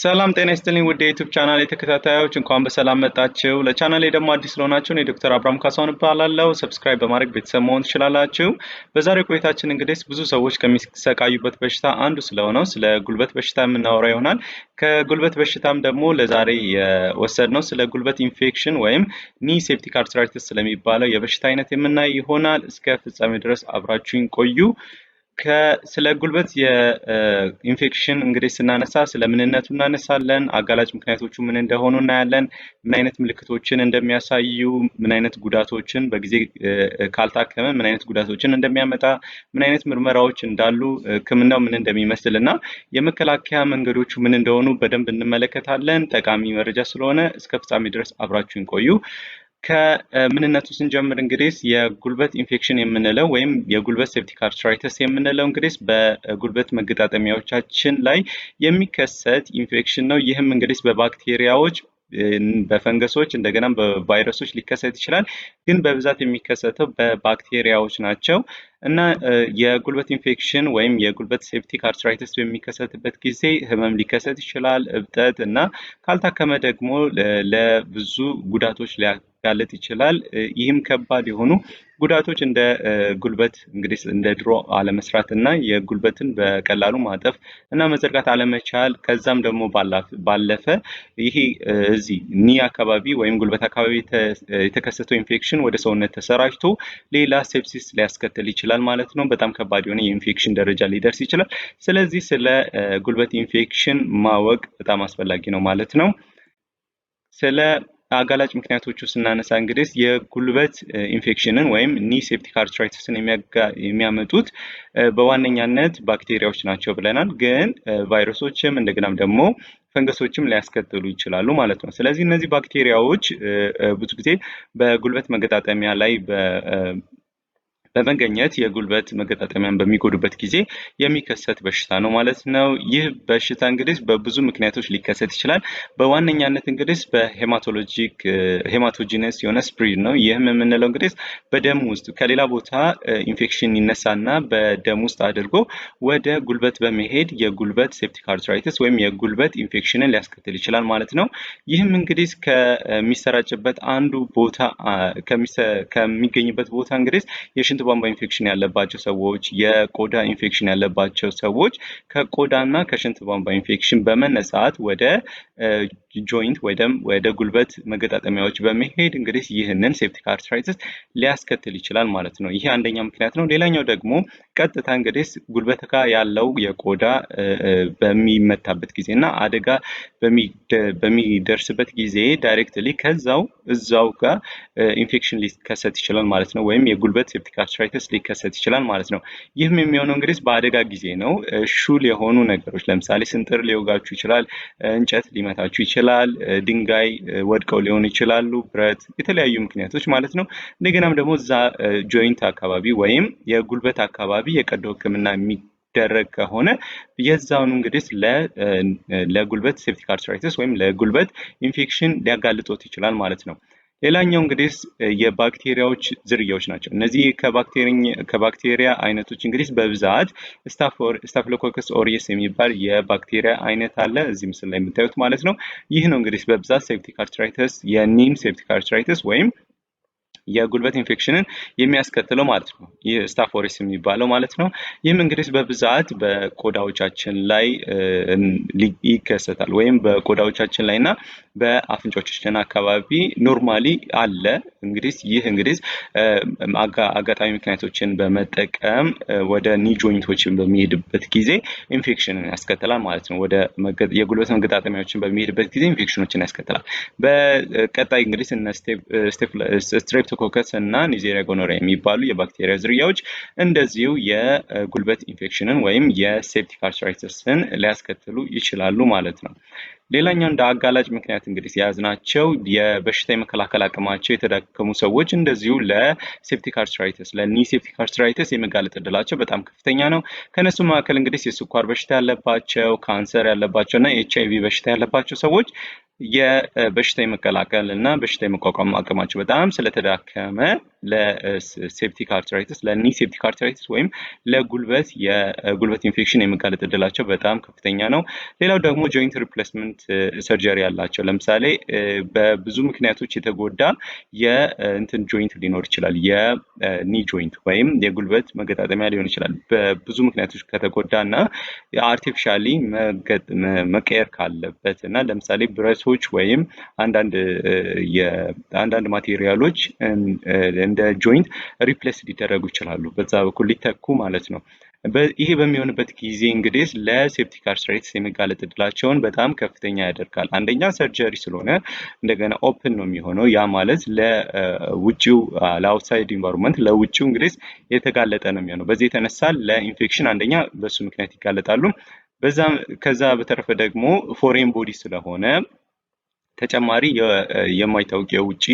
ሰላም ጤና ይስጥልኝ ውድ የዩቱብ ቻናል የተከታታዮች እንኳን በሰላም መጣችሁ። ለቻናሌ ደግሞ አዲስ ስለሆናችሁ እኔ ዶክተር አብርሃም ካሳሁን እባላለሁ። ሰብስክራይብ በማድረግ ቤተሰብ መሆን ትችላላችሁ። በዛሬው ቆይታችን እንግዲህ ብዙ ሰዎች ከሚሰቃዩበት በሽታ አንዱ ስለሆነው ስለ ጉልበት በሽታ የምናወራ ይሆናል። ከጉልበት በሽታም ደግሞ ለዛሬ የወሰድነው ስለ ጉልበት ኢንፌክሽን ወይም ኒ ሴፕቲክ አርትራይትስ ስለሚባለው የበሽታ አይነት የምናይ ይሆናል። እስከ ፍጻሜ ድረስ አብራችሁኝ ቆዩ። ስለ ጉልበት የኢንፌክሽን እንግዲህ ስናነሳ ስለ ምንነቱ እናነሳለን። አጋላጭ ምክንያቶቹ ምን እንደሆኑ እናያለን። ምን አይነት ምልክቶችን እንደሚያሳዩ፣ ምን አይነት ጉዳቶችን በጊዜ ካልታከመ ምን አይነት ጉዳቶችን እንደሚያመጣ፣ ምን አይነት ምርመራዎች እንዳሉ፣ ሕክምናው ምን እንደሚመስል እና የመከላከያ መንገዶቹ ምን እንደሆኑ በደንብ እንመለከታለን። ጠቃሚ መረጃ ስለሆነ እስከ ፍጻሜ ድረስ አብራችሁን ቆዩ። ከምንነቱ ስንጀምር እንግዲህ የጉልበት ኢንፌክሽን የምንለው ወይም የጉልበት ሴፕቲክ አርትራይተስ የምንለው እንግዲህ በጉልበት መገጣጠሚያዎቻችን ላይ የሚከሰት ኢንፌክሽን ነው። ይህም እንግዲህ በባክቴሪያዎች በፈንገሶች እንደገናም በቫይረሶች ሊከሰት ይችላል። ግን በብዛት የሚከሰተው በባክቴሪያዎች ናቸው እና የጉልበት ኢንፌክሽን ወይም የጉልበት ሴፕቲክ አርትራይተስ በሚከሰትበት ጊዜ ህመም ሊከሰት ይችላል፣ እብጠት እና ካልታከመ ደግሞ ለብዙ ጉዳቶች ሊያጋልጥ ይችላል። ይህም ከባድ የሆኑ ጉዳቶች እንደ ጉልበት እንግዲህ እንደ ድሮ አለመስራት እና የጉልበትን በቀላሉ ማጠፍ እና መዘርጋት አለመቻል ከዛም ደግሞ ባለፈ ይሄ እዚህ ኒ አካባቢ ወይም ጉልበት አካባቢ የተከሰተው ኢንፌክሽን ወደ ሰውነት ተሰራጭቶ ሌላ ሴፕሲስ ሊያስከትል ይችላል ማለት ነው። በጣም ከባድ የሆነ የኢንፌክሽን ደረጃ ሊደርስ ይችላል። ስለዚህ ስለ ጉልበት ኢንፌክሽን ማወቅ በጣም አስፈላጊ ነው ማለት ነው። ስለ አጋላጭ ምክንያቶቹ ስናነሳ እንግዲህ የጉልበት ኢንፌክሽንን ወይም ኒ ሴፕቲክ አርትራይተስን የሚያመጡት በዋነኛነት ባክቴሪያዎች ናቸው ብለናል። ግን ቫይረሶችም እንደገናም ደግሞ ፈንገሶችም ሊያስከትሉ ይችላሉ ማለት ነው። ስለዚህ እነዚህ ባክቴሪያዎች ብዙ ጊዜ በጉልበት መገጣጠሚያ ላይ በመገኘት የጉልበት መገጣጠሚያን በሚጎዱበት ጊዜ የሚከሰት በሽታ ነው ማለት ነው። ይህ በሽታ እንግዲህ በብዙ ምክንያቶች ሊከሰት ይችላል። በዋነኛነት እንግዲህ በሄማቶሎጂክ ሄማቶጂነስ የሆነ ስፕሪድ ነው። ይህም የምንለው እንግዲህ በደም ውስጥ ከሌላ ቦታ ኢንፌክሽን ይነሳና በደም ውስጥ አድርጎ ወደ ጉልበት በመሄድ የጉልበት ሴፕቲክ አርትራይትስ ወይም የጉልበት ኢንፌክሽንን ሊያስከትል ይችላል ማለት ነው። ይህም እንግዲህ ከሚሰራጭበት አንዱ ቦታ ከሚገኝበት ቦታ እንግዲህ የሽንት የቧንቧ ኢንፌክሽን ያለባቸው ሰዎች፣ የቆዳ ኢንፌክሽን ያለባቸው ሰዎች ከቆዳና ከሽንት ቧንቧ ኢንፌክሽን በመነሳት ወደ ጆይንት ወይም ወደ ጉልበት መገጣጠሚያዎች በመሄድ እንግዲህ ይህንን ሴፕቲክ አርትራይትስ ሊያስከትል ይችላል ማለት ነው። ይሄ አንደኛ ምክንያት ነው። ሌላኛው ደግሞ ቀጥታ እንግዲህ ጉልበት ጋር ያለው የቆዳ በሚመታበት ጊዜ እና አደጋ በሚደርስበት ጊዜ ዳይሬክትሊ ከዛው እዛው ጋር ኢንፌክሽን ሊከሰት ይችላል ማለት ነው። ወይም የጉልበት ሴፕቲክ አርትራይትስ ሊከሰት ይችላል ማለት ነው። ይህም የሚሆነው እንግዲህ በአደጋ ጊዜ ነው። ሹል የሆኑ ነገሮች ለምሳሌ ስንጥር ሊወጋችሁ ይችላል። እንጨት ሊመታችሁ ይችላል ይችላል፣ ድንጋይ ወድቀው ሊሆን ይችላሉ፣ ብረት፣ የተለያዩ ምክንያቶች ማለት ነው። እንደገናም ደግሞ እዛ ጆይንት አካባቢ ወይም የጉልበት አካባቢ የቀዶ ሕክምና የሚደረግ ከሆነ የዛውን እንግዲህ ለጉልበት ሴፕቲክ አርትራይተስ ወይም ለጉልበት ኢንፌክሽን ሊያጋልጦት ይችላል ማለት ነው። ሌላኛው እንግዲህ የባክቴሪያዎች ዝርያዎች ናቸው። እነዚህ ከባክቴሪያ አይነቶች እንግዲህ በብዛት ስታፍሎኮከስ ኦሪየስ የሚባል የባክቴሪያ አይነት አለ እዚህ ምስል ላይ የምታዩት ማለት ነው። ይህ ነው እንግዲህ በብዛት ሴፕቲክ አርትራይተስ የኒም ሴፕቲክ አርትራይተስ ወይም የጉልበት ኢንፌክሽንን የሚያስከትለው ማለት ነው። ይህ ስታፎሪስ የሚባለው ማለት ነው። ይህም እንግዲህ በብዛት በቆዳዎቻችን ላይ ይከሰታል ወይም በቆዳዎቻችን ላይ እና በአፍንጫዎቻችን አካባቢ ኖርማሊ አለ። እንግዲህ ይህ እንግዲህ አጋጣሚ ምክንያቶችን በመጠቀም ወደ ኒ ጆይንቶችን በሚሄድበት ጊዜ ኢንፌክሽንን ያስከትላል ማለት ነው። ወደ የጉልበት መገጣጠሚያዎችን በሚሄድበት ጊዜ ኢንፌክሽኖችን ያስከትላል። በቀጣይ እንግዲህ ስትሬፕቶ streptococcus እና ኒዜሪያ ጎኖሪያ የሚባሉ የባክቴሪያ ዝርያዎች እንደዚሁ የጉልበት ኢንፌክሽንን ወይም የሴፕቲክ አርትራይተስን ሊያስከትሉ ይችላሉ ማለት ነው። ሌላኛው እንደ አጋላጭ ምክንያት እንግዲህ የያዝናቸው የበሽታ የመከላከል አቅማቸው የተዳከሙ ሰዎች እንደዚሁ ለሴፕቲክ አርትራይተስ ለኒሴፕቲክ አርትራይተስ የመጋለጥ እድላቸው በጣም ከፍተኛ ነው። ከነሱ መካከል እንግዲህ የስኳር በሽታ ያለባቸው፣ ካንሰር ያለባቸው እና ኤች አይ ቪ በሽታ ያለባቸው ሰዎች የበሽታ የመቀላቀል እና በሽታ የመቋቋም አቅማቸው በጣም ስለተዳከመ ለሴፕቲክ አርትራይትስ ለኒ ሴፕቲክ አርትራይትስ ወይም ለጉልበት የጉልበት ኢንፌክሽን የመጋለጥ እድላቸው በጣም ከፍተኛ ነው። ሌላው ደግሞ ጆይንት ሪፕሌስመንት ሰርጀሪ ያላቸው ለምሳሌ በብዙ ምክንያቶች የተጎዳ የእንትን ጆይንት ሊኖር ይችላል። የኒ ጆይንት ወይም የጉልበት መገጣጠሚያ ሊሆን ይችላል። በብዙ ምክንያቶች ከተጎዳ እና አርቲፊሻሊ መቀየር ካለበት እና ለምሳሌ ብረት ምርቶች ወይም አንዳንድ ማቴሪያሎች እንደ ጆይንት ሪፕሌስ ሊደረጉ ይችላሉ። በዛ በኩል ሊተኩ ማለት ነው። ይሄ በሚሆንበት ጊዜ እንግዲህ ለሴፕቲክ አርትራይትስ የመጋለጥ እድላቸውን በጣም ከፍተኛ ያደርጋል። አንደኛ ሰርጀሪ ስለሆነ እንደገና ኦፕን ነው የሚሆነው። ያ ማለት ለውጭው ለአውትሳይድ ኢንቫይሮንመንት ለውጭው እንግዲህ የተጋለጠ ነው የሚሆነው። በዚህ የተነሳ ለኢንፌክሽን አንደኛ በሱ ምክንያት ይጋለጣሉ። በዛ ከዛ በተረፈ ደግሞ ፎሬን ቦዲ ስለሆነ ተጨማሪ የማይታወቅ የውጪ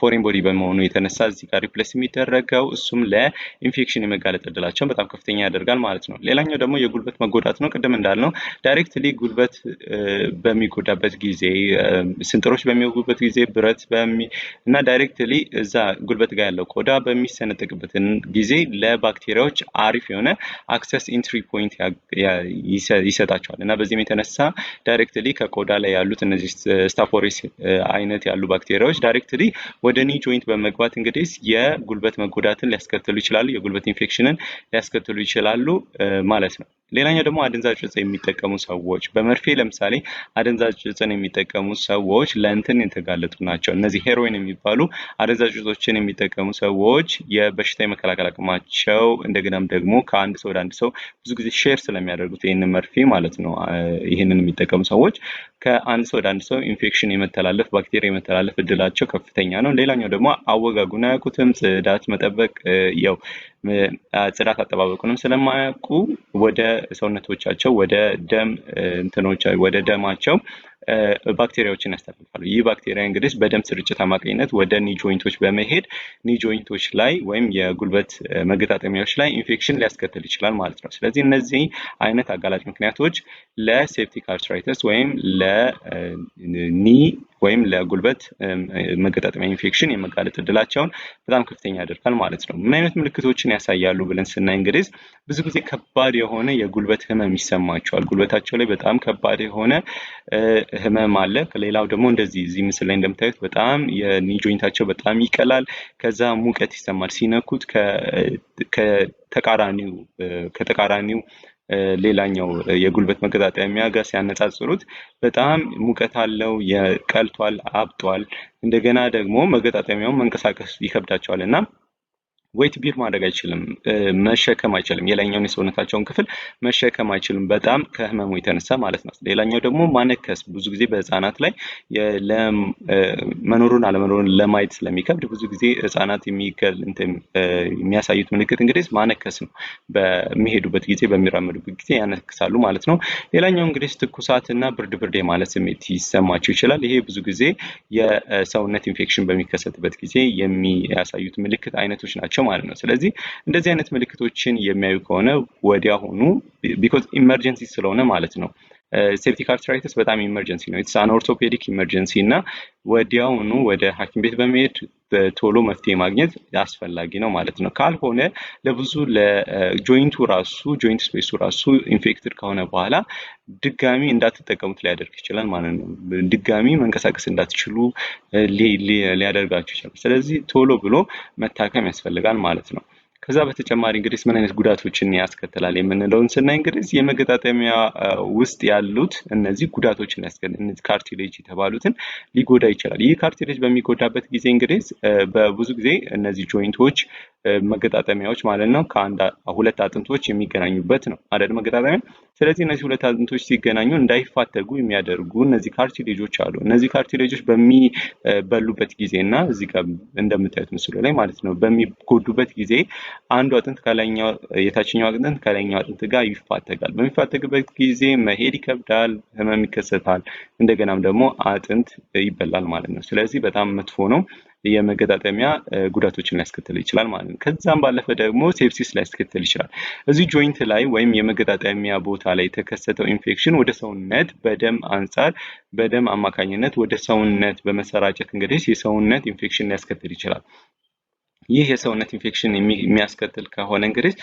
ፎሪን ቦዲ በመሆኑ የተነሳ እዚህ ጋር ሪፕሌስ የሚደረገው እሱም ለኢንፌክሽን የመጋለጥ እድላቸውን በጣም ከፍተኛ ያደርጋል ማለት ነው። ሌላኛው ደግሞ የጉልበት መጎዳት ነው። ቅድም እንዳልነው ዳይሬክትሊ ጉልበት በሚጎዳበት ጊዜ፣ ስንጥሮች በሚወጉበት ጊዜ ብረት እና ዳይሬክትሊ እዛ ጉልበት ጋር ያለው ቆዳ በሚሰነጠቅበትን ጊዜ ለባክቴሪያዎች አሪፍ የሆነ አክሰስ ኢንትሪ ፖይንት ይሰጣቸዋል እና በዚህም የተነሳ ዳይሬክትሊ ከቆዳ ላይ ያሉት እነዚህ ስታፎሬስ አይነት ያሉ ባክቴሪያዎች ዳይሬክት እንግዲህ ወደ ኒ ጆይንት በመግባት እንግዲህ የጉልበት መጎዳትን ሊያስከትሉ ይችላሉ። የጉልበት ኢንፌክሽንን ሊያስከትሉ ይችላሉ ማለት ነው። ሌላኛው ደግሞ አደንዛዥ እጽ የሚጠቀሙ ሰዎች በመርፌ ለምሳሌ አደንዛዥ እጽን የሚጠቀሙ ሰዎች ለእንትን የተጋለጡ ናቸው። እነዚህ ሄሮይን የሚባሉ አደንዛዥ እጾችን የሚጠቀሙ ሰዎች የበሽታ የመከላከል አቅማቸው እንደገናም ደግሞ ከአንድ ሰው ወደ አንድ ሰው ብዙ ጊዜ ሼር ስለሚያደርጉት ይህን መርፌ ማለት ነው። ይህንን የሚጠቀሙ ሰዎች ከአንድ ሰው ወደ አንድ ሰው ኢንፌክሽን የመተላለፍ ባክቴሪያ የመተላለፍ እድላቸው ከፍተኛ ነው። ሌላኛው ደግሞ አወጋጉን አያውቁትም። ጽዳት መጠበቅ ያው ጽዳት አጠባበቁንም ስለማያውቁ ወደ ሰውነቶቻቸው ወደ ደም እንትኖች ወደ ደማቸው ባክቴሪያዎችን ያስተላልፋሉ። ይህ ባክቴሪያ እንግዲህ በደም ስርጭት አማካኝነት ወደ ኒ ጆይንቶች በመሄድ ኒ ጆይንቶች ላይ ወይም የጉልበት መገጣጠሚያዎች ላይ ኢንፌክሽን ሊያስከትል ይችላል ማለት ነው። ስለዚህ እነዚህ አይነት አጋላጭ ምክንያቶች ለሴፕቲክ አርትራይተስ ወይም ለኒ ወይም ለጉልበት መገጣጠሚያ ኢንፌክሽን የመጋለጥ እድላቸውን በጣም ከፍተኛ ያደርጋል ማለት ነው። ምን አይነት ምልክቶችን ያሳያሉ ብለን ስናይ እንግዲህ ብዙ ጊዜ ከባድ የሆነ የጉልበት ህመም ይሰማቸዋል። ጉልበታቸው ላይ በጣም ከባድ የሆነ ህመም አለ። ከሌላው ደግሞ እንደዚህ እዚህ ምስል ላይ እንደምታዩት በጣም የኒ ጆይንታቸው በጣም ይቀላል። ከዛ ሙቀት ይሰማል ሲነኩት ከተቃራኒው ከተቃራኒው ሌላኛው የጉልበት መገጣጠሚያ ጋር ሲያነጻጽሩት በጣም ሙቀት አለው፣ የቀልቷል፣ አብጧል። እንደገና ደግሞ መገጣጠሚያውን መንቀሳቀስ ይከብዳቸዋል እና ዌይት ቢር ማድረግ አይችልም፣ መሸከም አይችልም። የላይኛውን የሰውነታቸውን ክፍል መሸከም አይችልም፣ በጣም ከህመሙ የተነሳ ማለት ነው። ሌላኛው ደግሞ ማነከስ፣ ብዙ ጊዜ በህፃናት ላይ መኖሩን አለመኖሩን ለማየት ስለሚከብድ ብዙ ጊዜ ህፃናት የሚያሳዩት ምልክት እንግዲህ ማነከስ ነው። በሚሄዱበት ጊዜ በሚራመዱበት ጊዜ ያነክሳሉ ማለት ነው። ሌላኛው እንግዲህ ትኩሳት እና ብርድ ብርድ የማለት ስሜት ይሰማቸው ይችላል። ይሄ ብዙ ጊዜ የሰውነት ኢንፌክሽን በሚከሰትበት ጊዜ የሚያሳዩት ምልክት አይነቶች ናቸው። ማለት ነው። ስለዚህ እንደዚህ አይነት ምልክቶችን የሚያዩ ከሆነ ወዲያውኑ ቢኮዝ ኢመርጀንሲ ስለሆነ ማለት ነው ሴፕቲክ አርትራይተስ በጣም ኢመርጀንሲ ነው። ኢትስ አን ኦርቶፔዲክ ኢመርጀንሲ እና ወዲያውኑ ወደ ሐኪም ቤት በመሄድ በቶሎ መፍትሄ ማግኘት አስፈላጊ ነው ማለት ነው። ካልሆነ ለብዙ ለጆይንቱ ራሱ ጆይንት ስፔሱ ራሱ ኢንፌክትድ ከሆነ በኋላ ድጋሚ እንዳትጠቀሙት ሊያደርግ ይችላል ማለት ነው። ድጋሚ መንቀሳቀስ እንዳትችሉ ሊያደርጋችሁ ይችላል። ስለዚህ ቶሎ ብሎ መታከም ያስፈልጋል ማለት ነው። ከዛ በተጨማሪ እንግዲህ ምን አይነት ጉዳቶችን ያስከትላል የምንለውን ስናይ እንግዲህ የመገጣጠሚያ ውስጥ ያሉት እነዚህ ጉዳቶችን ያስከትላል። ካርቲሌጅ የተባሉትን ሊጎዳ ይችላል። ይህ ካርቲሌጅ በሚጎዳበት ጊዜ እንግዲህ በብዙ ጊዜ እነዚህ ጆይንቶች መገጣጠሚያዎች ማለት ነው ከአንድ ሁለት አጥንቶች የሚገናኙበት ነው አደል መገጣጠሚያ። ስለዚህ እነዚህ ሁለት አጥንቶች ሲገናኙ እንዳይፋተጉ የሚያደርጉ እነዚህ ካርቲሌጆች አሉ። እነዚህ ካርቲሌጆች በሚበሉበት ጊዜ እና እዚህ ጋር እንደምታዩት ምስሉ ላይ ማለት ነው በሚጎዱበት ጊዜ አንዱ አጥንት ከላይኛው የታችኛው አጥንት ከላይኛው አጥንት ጋር ይፋተጋል። በሚፋተግበት ጊዜ መሄድ ይከብዳል፣ ህመም ይከሰታል። እንደገናም ደግሞ አጥንት ይበላል ማለት ነው። ስለዚህ በጣም መጥፎ ነው። የመገጣጠሚያ ጉዳቶችን ሊያስከትል ይችላል ማለት ነው። ከዛም ባለፈ ደግሞ ሴፕሲስ ሊያስከትል ይችላል። እዚህ ጆይንት ላይ ወይም የመገጣጠሚያ ቦታ ላይ የተከሰተው ኢንፌክሽን ወደ ሰውነት በደም አንጻር በደም አማካኝነት ወደ ሰውነት በመሰራጨት እንግዲህ የሰውነት ኢንፌክሽን ሊያስከትል ይችላል። ይህ የሰውነት ኢንፌክሽን የሚያስከትል ከሆነ እንግዲህ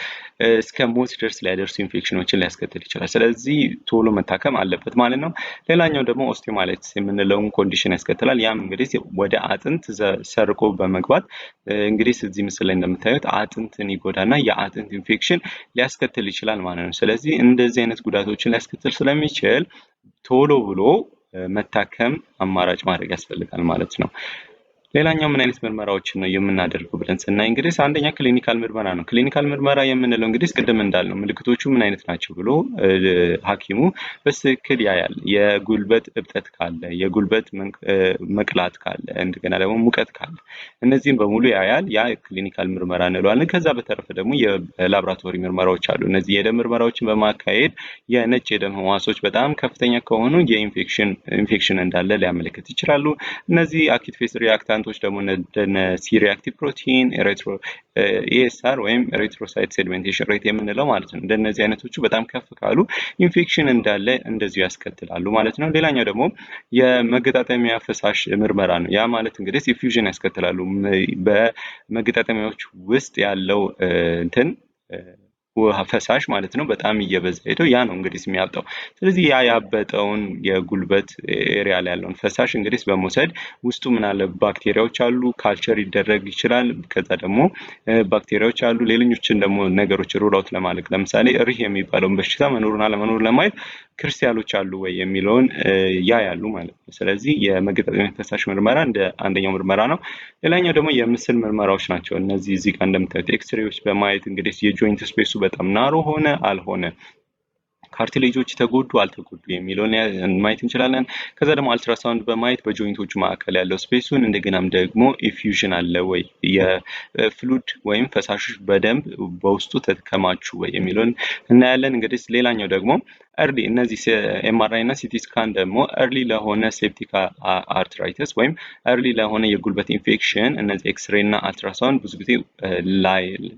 እስከ ሞት ድረስ ሊያደርሱ ኢንፌክሽኖችን ሊያስከትል ይችላል። ስለዚህ ቶሎ መታከም አለበት ማለት ነው። ሌላኛው ደግሞ ኦስቲዮማይላይትስ የምንለውን ኮንዲሽን ያስከትላል። ያም እንግዲህ ወደ አጥንት ሰርቆ በመግባት እንግዲህ እዚህ ምስል ላይ እንደምታዩት አጥንትን ይጎዳና የአጥንት ኢንፌክሽን ሊያስከትል ይችላል ማለት ነው። ስለዚህ እንደዚህ አይነት ጉዳቶችን ሊያስከትል ስለሚችል ቶሎ ብሎ መታከም አማራጭ ማድረግ ያስፈልጋል ማለት ነው። ሌላኛው ምን አይነት ምርመራዎችን ነው የምናደርገው ብለን ስናይ እንግዲህ አንደኛ ክሊኒካል ምርመራ ነው። ክሊኒካል ምርመራ የምንለው እንግዲህ ቅድም እንዳልነው ምልክቶቹ ምን አይነት ናቸው ብሎ ሐኪሙ በትክክል ያያል። የጉልበት እብጠት ካለ፣ የጉልበት መቅላት ካለ፣ እንደገና ደግሞ ሙቀት ካለ እነዚህም በሙሉ ያያል። ያ ክሊኒካል ምርመራ እንለዋለን። ከዛ በተረፈ ደግሞ የላብራቶሪ ምርመራዎች አሉ። እነዚህ የደም ምርመራዎችን በማካሄድ የነጭ የደም ህዋሶች በጣም ከፍተኛ ከሆኑ የኢንፌክሽን ኢንፌክሽን እንዳለ ሊያመለክት ይችላሉ። እነዚህ አኪት ፌስ ሪያክታንት ሴግመንቶች ደግሞ እነ ሪአክቲቭ ፕሮቲን ኤስአር ወይም ኤሬትሮሳይት ሴድሜንቴሽን ሬት የምንለው ማለት ነው። እንደነዚህ አይነቶቹ በጣም ከፍ ካሉ ኢንፌክሽን እንዳለ እንደዚሁ ያስከትላሉ ማለት ነው። ሌላኛው ደግሞ የመገጣጠሚያ ፈሳሽ ምርመራ ነው። ያ ማለት እንግዲህ ኢንፊውዥን ያስከትላሉ በመገጣጠሚያዎች ውስጥ ያለው እንትን ውሃ ፈሳሽ ማለት ነው በጣም እየበዛ ሄዶ ያ ነው እንግዲህ የሚያብጠው። ስለዚህ ያ ያበጠውን የጉልበት ኤሪያ ላይ ያለውን ፈሳሽ እንግዲህ በመውሰድ ውስጡ ምን አለ ባክቴሪያዎች አሉ፣ ካልቸር ይደረግ ይችላል። ከዛ ደግሞ ባክቴሪያዎች አሉ፣ ሌሎችን ደግሞ ነገሮች ሩላውት ለማለቅ ለምሳሌ ሪህ የሚባለውን በሽታ መኖሩን አለመኖሩ ለማየት ክርስቲያኖች አሉ ወይ የሚለውን ያ ያሉ ማለት ነው። ስለዚህ የመገጣጠሚያ ፈሳሽ ምርመራ እንደ አንደኛው ምርመራ ነው። ሌላኛው ደግሞ የምስል ምርመራዎች ናቸው። እነዚህ እዚህ ጋር እንደምታዩት ኤክስሬዎች በማየት እንግዲህ የጆይንት ስፔሱ በጣም ናሮ ሆነ አልሆነ ካርቲሌጆች ተጎዱ አልተጎዱ የሚለውን ማየት እንችላለን። ከዛ ደግሞ አልትራሳውንድ በማየት በጆይንቶቹ መካከል ያለው ስፔሱን እንደገናም ደግሞ ኢፊዥን አለ ወይ የፍሉድ ወይም ፈሳሾች በደንብ በውስጡ ተከማቹ ወይ የሚለውን እናያለን። እንግዲህ ሌላኛው ደግሞ ኤርሊ እነዚህ ኤምአርአይ እና ሲቲ ስካን ደግሞ ኤርሊ ለሆነ ሴፕቲክ አርትራይተስ ወይም ኤርሊ ለሆነ የጉልበት ኢንፌክሽን እነዚህ ኤክስሬ እና አልትራሳውንድ ብዙ ጊዜ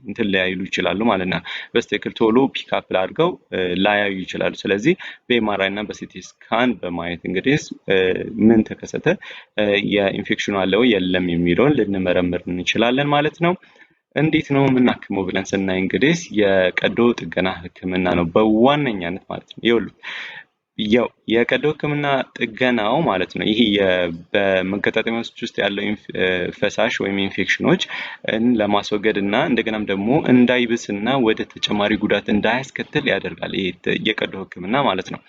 እንትን ሊያይሉ ይችላሉ ማለት ነው። በስትክክል ቶሎ ፒካፕ አድርገው ላያዩ ይችላሉ። ስለዚህ በኤምአርአይ እና በሲቲ ስካን በማየት እንግዲህ ምን ተከሰተ፣ የኢንፌክሽኑ አለው የለም የሚለውን ልንመረምር እንችላለን ማለት ነው። እንዴት ነው የምናክመው ብለን ስናይ እንግዲህ የቀዶ ጥገና ህክምና ነው በዋነኛነት ማለት ነው። ይሉ ያው የቀዶ ህክምና ጥገናው ማለት ነው ይሄ በመገጣጠሚያዎች ውስጥ ያለው ፈሳሽ ወይም ኢንፌክሽኖች ለማስወገድ እና እንደገናም ደግሞ እንዳይብስና ወደ ተጨማሪ ጉዳት እንዳያስከትል ያደርጋል። ይሄ የቀዶ ህክምና ማለት ነው።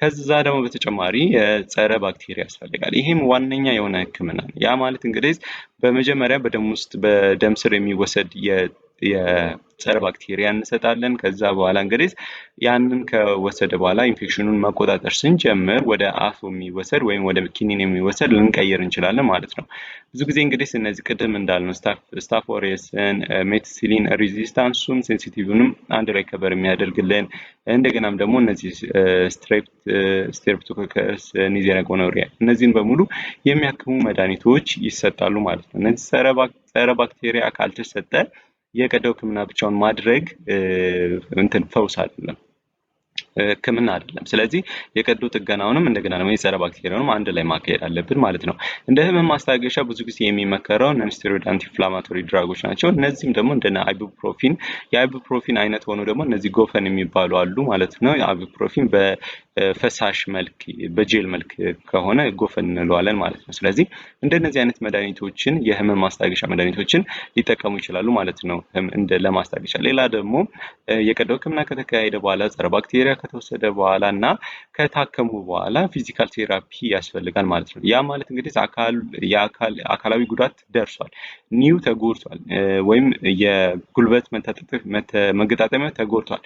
ከዛ ደግሞ በተጨማሪ የጸረ ባክቴሪያ ያስፈልጋል። ይህም ዋነኛ የሆነ ህክምና ነው። ያ ማለት እንግዲህ በመጀመሪያ በደም ውስጥ በደም ስር የሚወሰድ የጸረ ባክቴሪያ እንሰጣለን። ከዛ በኋላ እንግዲህ ያንን ከወሰደ በኋላ ኢንፌክሽኑን መቆጣጠር ስንጀምር ወደ አፍ የሚወሰድ ወይም ወደ ኪኒን የሚወሰድ ልንቀይር እንችላለን ማለት ነው። ብዙ ጊዜ እንግዲህ እነዚህ ቅድም እንዳልነው ስታፎሬስን፣ ሜትሲሊን ሬዚስታንሱም ሴንሲቲቭንም አንድ ላይ ከበር የሚያደርግልን እንደገናም ደግሞ እነዚህ ስትሬፕቶኮከስ፣ ኒዜሪያ እነዚህን በሙሉ የሚያክሙ መድኃኒቶች ይሰጣሉ ማለት ነው። እነዚህ ጸረ ባክቴሪያ ካልተሰጠ የቀዶ ህክምና ብቻውን ማድረግ እንትን ፈውስ አይደለም። ህክምና አይደለም። ስለዚህ የቀዶ ጥገናውንም እንደገና ደግሞ የጸረ ባክቴሪያውንም አንድ ላይ ማካሄድ አለብን ማለት ነው። እንደ ህመም ማስታገሻ ብዙ ጊዜ የሚመከረው ነንስቴሮይድ አንቲኢንፍላማቶሪ ድራጎች ናቸው። እነዚህም ደግሞ እንደ አይቡፕሮፊን የአይቡፕሮፊን አይነት ሆኖ ደግሞ እነዚህ ጎፈን የሚባሉ አሉ ማለት ነው። አይቡፕሮፊን በፈሳሽ መልክ በጄል መልክ ከሆነ ጎፈን እንለዋለን ማለት ነው። ስለዚህ እንደነዚህ አይነት መድኃኒቶችን የህመም ማስታገሻ መድኃኒቶችን ሊጠቀሙ ይችላሉ ማለት ነው። እንደ ለማስታገሻ ሌላ ደግሞ የቀዶ ህክምና ከተካሄደ በኋላ ጸረ ባክቴሪያ ከተወሰደ በኋላ እና ከታከሙ በኋላ ፊዚካል ቴራፒ ያስፈልጋል ማለት ነው። ያ ማለት እንግዲህ አካላዊ ጉዳት ደርሷል፣ ኒው ተጎድቷል፣ ወይም የጉልበት መገጣጠሚያ ተጎድቷል።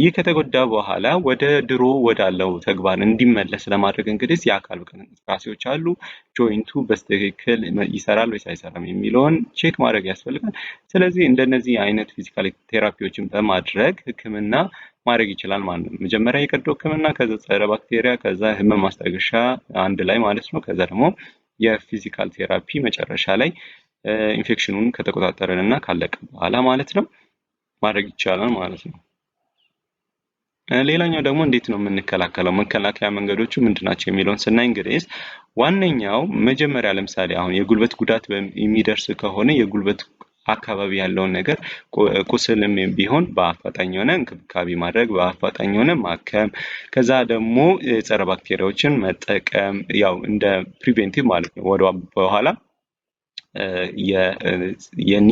ይህ ከተጎዳ በኋላ ወደ ድሮ ወዳለው ተግባር እንዲመለስ ለማድረግ እንግዲህ የአካል ብቃት እንቅስቃሴዎች አሉ። ጆይንቱ በስትክክል ይሰራል ወይስ አይሰራም የሚለውን ቼክ ማድረግ ያስፈልጋል። ስለዚህ እንደነዚህ አይነት ፊዚካል ቴራፒዎችን በማድረግ ሕክምና ማድረግ ይችላል ማለት ነው። መጀመሪያ የቀዶ ህክምና ከዛ ጸረ ባክቴሪያ ከዛ ህመም ማስታገሻ አንድ ላይ ማለት ነው። ከዛ ደግሞ የፊዚካል ቴራፒ መጨረሻ ላይ ኢንፌክሽኑን ከተቆጣጠረን እና ካለቀ በኋላ ማለት ነው ማድረግ ይቻላል ማለት ነው። ሌላኛው ደግሞ እንዴት ነው የምንከላከለው? መከላከያ መንገዶቹ ምንድን ናቸው የሚለውን ስናይ እንግዲህ ዋነኛው መጀመሪያ ለምሳሌ አሁን የጉልበት ጉዳት የሚደርስ ከሆነ የጉልበት አካባቢ ያለውን ነገር ቁስልም ቢሆን በአፋጣኝ የሆነ እንክብካቤ ማድረግ በአፋጣኝ የሆነ ማከም ከዛ ደግሞ ጸረ ባክቴሪያዎችን መጠቀም ያው እንደ ፕሪቬንቲቭ ማለት ነው። ወደ በኋላ የኒ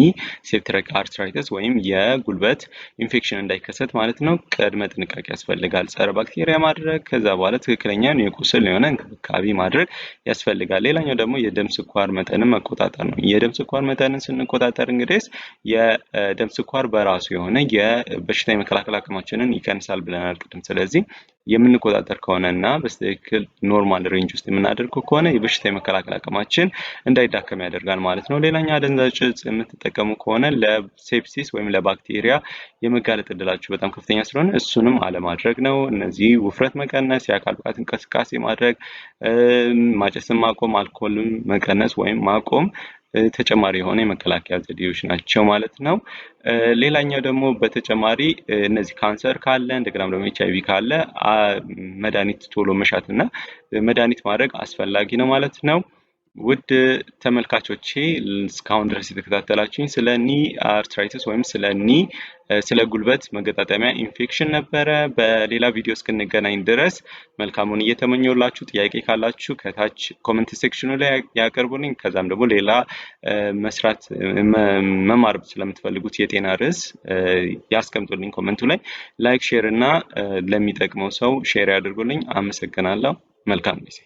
ሴፕቲክ አርትራይተስ ወይም የጉልበት ኢንፌክሽን እንዳይከሰት ማለት ነው ቅድመ ጥንቃቄ ያስፈልጋል። ጸረ ባክቴሪያ ማድረግ ከዛ በኋላ ትክክለኛ የቁስል የሆነ እንክብካቤ ማድረግ ያስፈልጋል። ሌላኛው ደግሞ የደም ስኳር መጠንን መቆጣጠር ነው። የደም ስኳር መጠንን ስንቆጣጠር እንግዲህ የደም ስኳር በራሱ የሆነ የበሽታ የመከላከል አቅማችንን ይቀንሳል ብለናል ቅድም። ስለዚህ የምንቆጣጠር ከሆነ እና በትክክል ኖርማል ሬንጅ ውስጥ የምናደርገው ከሆነ የበሽታ የመከላከል አቅማችን እንዳይዳከም ያደርጋል ማለት ነው። ሌላኛ አደንዛዥ እጽ የምትጠቀሙ ከሆነ ለሴፕሲስ ወይም ለባክቴሪያ የመጋለጥ እድላችሁ በጣም ከፍተኛ ስለሆነ እሱንም አለማድረግ ነው። እነዚህ ውፍረት መቀነስ፣ የአካል ብቃት እንቅስቃሴ ማድረግ፣ ማጨስን ማቆም፣ አልኮልን መቀነስ ወይም ማቆም ተጨማሪ የሆነ የመከላከያ ዘዴዎች ናቸው ማለት ነው። ሌላኛው ደግሞ በተጨማሪ እነዚህ ካንሰር ካለ እንደገናም ደግሞ ኤች አይ ቪ ካለ መድኃኒት ቶሎ መሻት እና መድኃኒት ማድረግ አስፈላጊ ነው ማለት ነው። ውድ ተመልካቾቼ እስካሁን ድረስ የተከታተላችሁኝ ስለ ኒ አርትራይትስ ወይም ስለ ኒ ስለ ጉልበት መገጣጠሚያ ኢንፌክሽን ነበረ። በሌላ ቪዲዮ እስክንገናኝ ድረስ መልካሙን እየተመኘላችሁ ጥያቄ ካላችሁ ከታች ኮመንት ሴክሽኑ ላይ ያቀርቡልኝ። ከዛም ደግሞ ሌላ መስራት መማር ስለምትፈልጉት የጤና ርዕስ ያስቀምጡልኝ ኮመንቱ ላይ። ላይክ፣ ሼር እና ለሚጠቅመው ሰው ሼር ያደርጉልኝ። አመሰግናለሁ። መልካም ጊዜ